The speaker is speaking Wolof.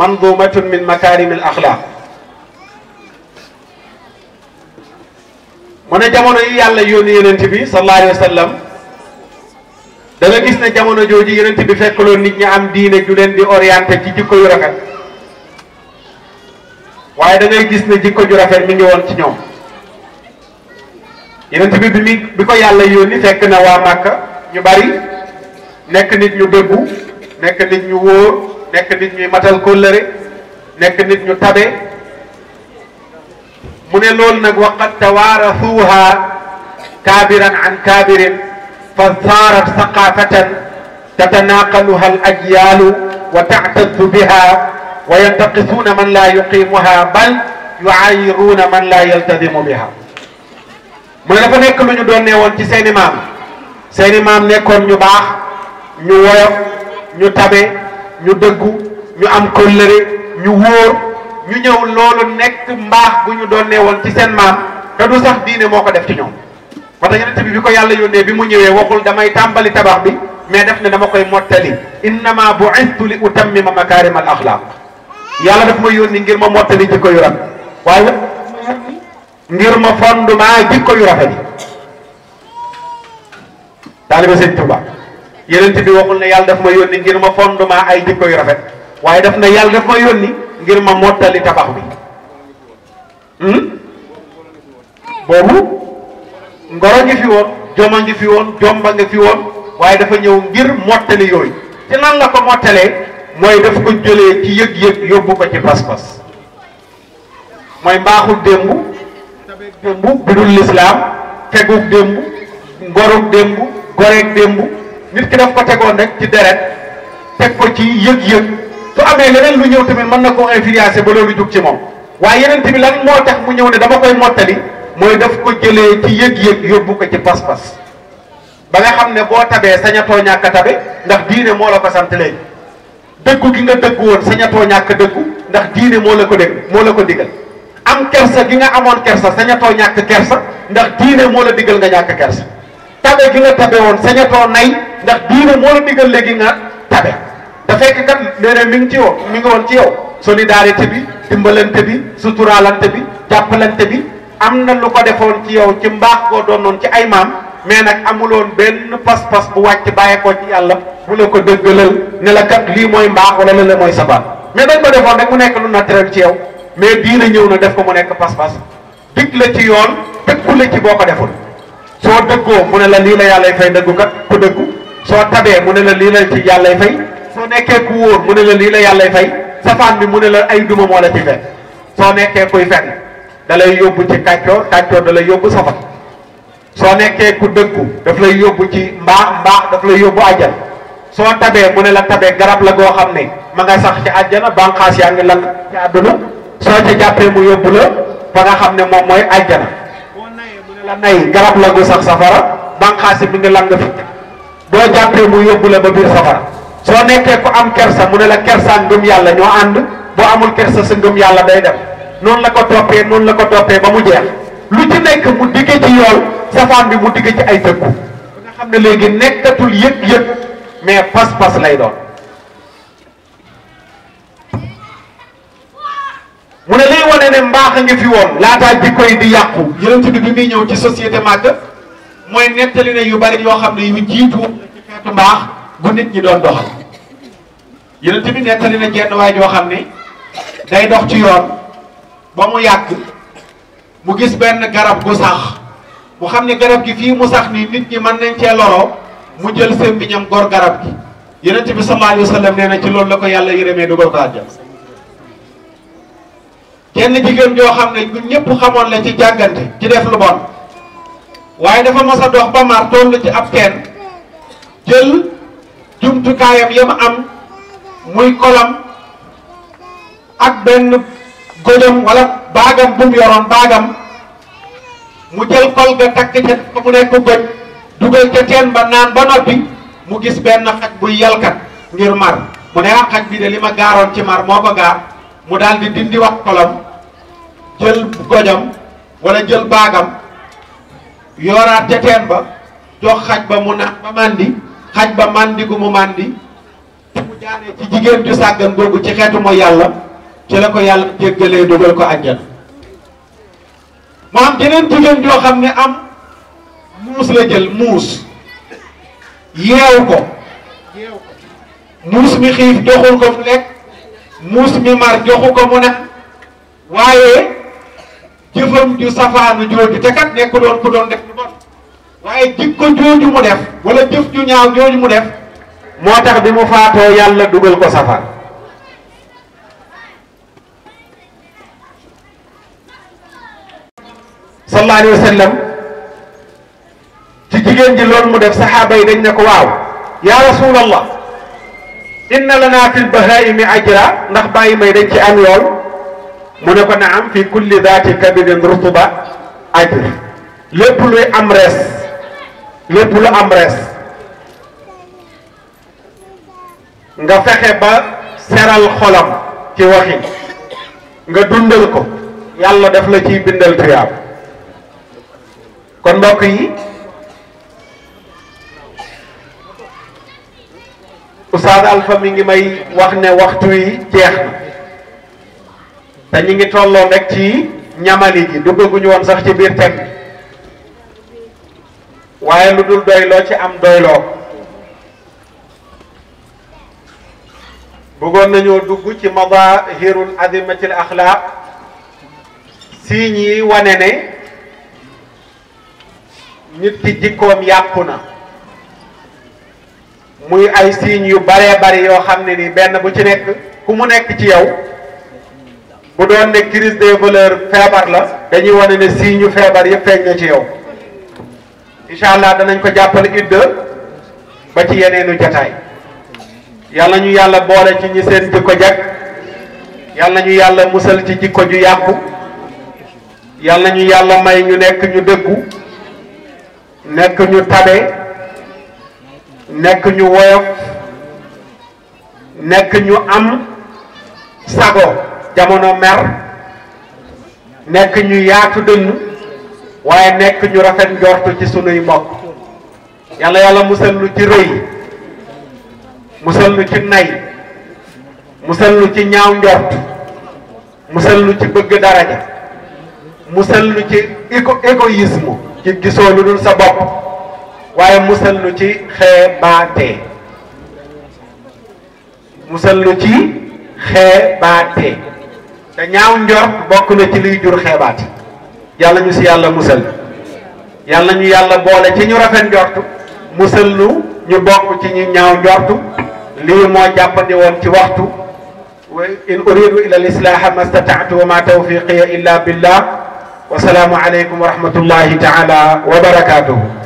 manduumatun min makaarimil axlaaq mu ne jamono yi yàlla yónni yenent bi sallallahu alayhi wa gis ne jamono jooju yonent bi fekkaloon nit ñi am diine ju leen di orienté ci jikko yu rafet waaye da gis ne jikko ju rafet mi ngi woon ci ñoom yonent bi bi ko yàlla yónni fekk na waa Màkka ñu bari nekk nit ñu dëggu nekk nit ñu wóor nekk nit ñuy matal kóllëre nekk nit ñu tabe mu ne loolu nag waqad tawaarasuuha kaabiran an kaabirin fa saarat saqaafatan tatanaaqaluha al ajyaalu wa taxtazzu biha wa yantaqisuuna man laa yuqiimuha bal yuayiruuna man laa yaltazimu biha mu ne dafa nekk lu ñu doon neewoon ci seeni maam seeni maam nekkoon ñu baax ñu woyof ñu tabe ñu dëggu ñu am kóllëre ñu wóor ñu ñëw loolu nekk mbaax gu ñu doon nee ci seen maam te du sax diine moo ko def ci ñoom moo tax yonent bi bi ko yàlla yónnee bi mu ñëwee waxul damay tàmbali tabax bi mais def ne dama koy mottali innama bu'istu li utammima makarim al axlaq yàlla daf ma yónni ngir ma mottali jikko yu rafet waaye ngir ma fondement jikko yu rafet yi taaliba sëñ yonent bi waxul ne yàlla daf ma yónni ngir ma fondement ay jikko yu rafet waaye daf ne yàlla daf ma yónni ngir ma mottali tabax bi hmm? boobu ngoro ngi fi woon joma ngi fi woon jomba ngi fi woon waaye dafa ñëw ngir mottali yooyu ci nan la ko mottalee mooy daf ko jëlee ci yëg-yëg yóbbu ko ci pas-pas mooy mbaaxul démb démb bidul lislaam fegug démb ngorug démb goreeg démb nit ki daf ko tegoon rek ci deret teg ko ci yëg-yëg su amee leneen lu ñëw tamit mën na koo influencé ba loolu jug ci moom waaye yeneen tamit lan moo tax mu ñëw ne dama koy mottali mooy daf ko jëlee ci yëg-yëg yóbbu ko ci pas-pas ba nga xam ne boo tabee sañatoo ñàkk a tabe ndax diine moo la ko sant léegi dëggu gi nga dëggu woon sañatoo ñàkk a dëggu ndax diine moo la ko dégg moo la ko digal am kersa gi nga amoon kersa sañatoo ñàkk kersa ndax diine moo la digal nga ñàkk kersa tabe gi nga tabe woon sañatoo nay ndax diine moo la digal léegi nga tabe da fekk kat nee na mi ngi ci yow mi ngi woon ci yow solidarité bi dimbalante bi suturaalante bi jàppalante bi am na lu ko defoon ci yow ci mbaax doon doonoon ci ay maam mais nag amuloon benn pas-pas bu wàcc bàyyeekoo ci yàlla bu la ko dëggalal ne la lii mooy mbaax wala la mooy sabab mais dañ ko defoon rek mu nekk lu naturel ci yow mais diine ñëw na def ko mu nekk pas-pas dig la ci yoon dëggu la ci boo ko deful soo dëggoo ne la lii la yàlla fay dëggu kat ku dëggu soo tabee mu ne la lii la ci yàllay fay soo nekkee ku wóor mu ne la lii la yàllay fay safaan bi mu ne la ay duma moo la ci fekk soo nekkee kuy fenn da lay yóbbu ci kàccoor kàccoor da lay yóbbu safar soo nekkee ku dëggu daf lay yóbbu ci mbaax mbaax daf lay yóbbu àjjan soo tabee mu ne la tabee garab la goo xam ne ma nga sax ci àjjana banqaas yaa ngi lan ci àdduna soo ca jàppee mu yóbbu la ba nga xam ne moom mooy àjjana boo nayee mu ne la nay garab la gu sax safara banqaas yi lang boo jàppee mu yóbbu la ba biir safara soo nekkee ku am kersa mu ne la kersa ngëm yàlla ñoo ànd boo amul kersa sa ngëm yàlla day dem noonu la ko toppee noonu la ko toppee ba mu jeex lu ci nekk mu digge ci yool safaan bi mu digge ci ay tëkku nga xam ne léegi nekkatul yëg-yëg mais pas-pas lay doon mu ne liy wane ne mbaax a ngi fi woon laataa jikko koy di yàqu yëlantu bi muy ñëw ci société màgg mooy nettali na yu bari yoo xam ne yu jiitu ci xeetu mbaax gu nit ñi doon doxal yonent bi nettali na jenn waay joo xam ne day dox ci yoon ba mu yàgg mu gis benn garab gu sax mu xam ne garab gi fii mu sax nii nit ñi mën nañ cee loro mu jël sémmiñam gor garab gi yonent bi sallallahu alayhi wa sallam nee na ci loolu la ko yàlla yërëmee dugal ko àjjana kenn jigéen joo xam ne ñun ñëpp xamoon la ci jàggante ci def lu bon waaye dafa mos a dox ba mar toll ci ab teen jël jumtukaayam yam am muy kolam ak benn gojam wala baagam bu mu yoroon baagam mu jël kol ga takk ca ba mu nekk goj dugal ca teen ba naan ba noppi mu gis benn xaj buy yalkat ngir mar mu ne ah xaj bi de li ma gaaroon ci mar moo ko gaar mu daal di dindi wax kolam jël gojam wala jël baagam yooraat ca teen ba jox xaj ba mu naan ba màndi xaj ba màndi gu mu màndi te mu jaaree ci jigéen ju sàggan googu ci xeetu mooy yàlla ci la ko yàlla jéggalee dugal ko àjjana mu am jeneen jigéen joo xam ne am muus la jël muus yeew ko muus mi xiif joxul ko mu lekk muus mi mar joxu ko mu naan waaye jëfam ju safaanu jooju te kat nekk doon ku doon def lu bon waaye jikko jooju mu def wala jëf ju ñaaw jooju mu def moo tax bi mu faatoo yàlla dugal ko safar sallallahu alayhi wa sallam ci jigéen ji loolu mu def saxaaba yi dañ ne ko waaw ya rasulallah inna lana fil bahaimi ajra ndax bàyyi may dañ ci am yool mu ne ko na am fi kulli daati kabidin rutuba ajr lépp luy am rees lépp lu am rees nga fexe ba seral xolam ci waxi nga dundal ko yàlla daf la ciy bindal tuyaab kon mbokk yi Oustaz Alpha mi ngi may wax ne waxtu yi jeex na te ñu ngi tolloon rek ci ñamali ji duggaguñu woon sax ci biir thème waaye lu dul doyloo ci am doyloo bëggoon nañoo dugg ci madahirul azimatil axlaaq si yi wane ne nit ki jikkoom yàqu na muy ay signes yu baree bari yoo xam ne ni benn bu ci nekk ku mu nekk ci yow bu doon ne crise de valeurs feebar la dañuy wane ne si feebar yëpp feeñ na ci yow incha allah danañ ko jàppale idda ba ci yeneenu jataay yàlla ñu yàlla boole ci ñi seen jikko jag yàlla ñu yàlla musal ci jikko ju yàqu yàlla ñu yàlla may ñu nekk ñu dëggu nekk ñu tabe nekk ñu woyof nekk ñu am sago jamono mer nekk ñu yaatu dënn waaye nekk ñu rafet njortu ci sunuy mbokk yàlla yàlla musal nu ci rëy musal nu ci nay musal nu ci ñaaw njort musal nu ci bëgg daraja musal nu ci égo égoïsme ci gisoo lu dul sa bopp waaye musal nu ci xeebaate musal nu ci xeebaate te ñaaw njort bokk na ci liy jur xeebaat yàlla ñu si yàlla musal yàlla ñu yàlla boole ci ñu rafet njort musal lu ñu bokk ci ñu ñaaw njort lii moo jàppandi woon ci waxtu in uridu ila al islaaha ma stataatu wa ma tawfiqiya illa billah wa salaamu aleykum wa rahmatullahi taala wa barakatuhu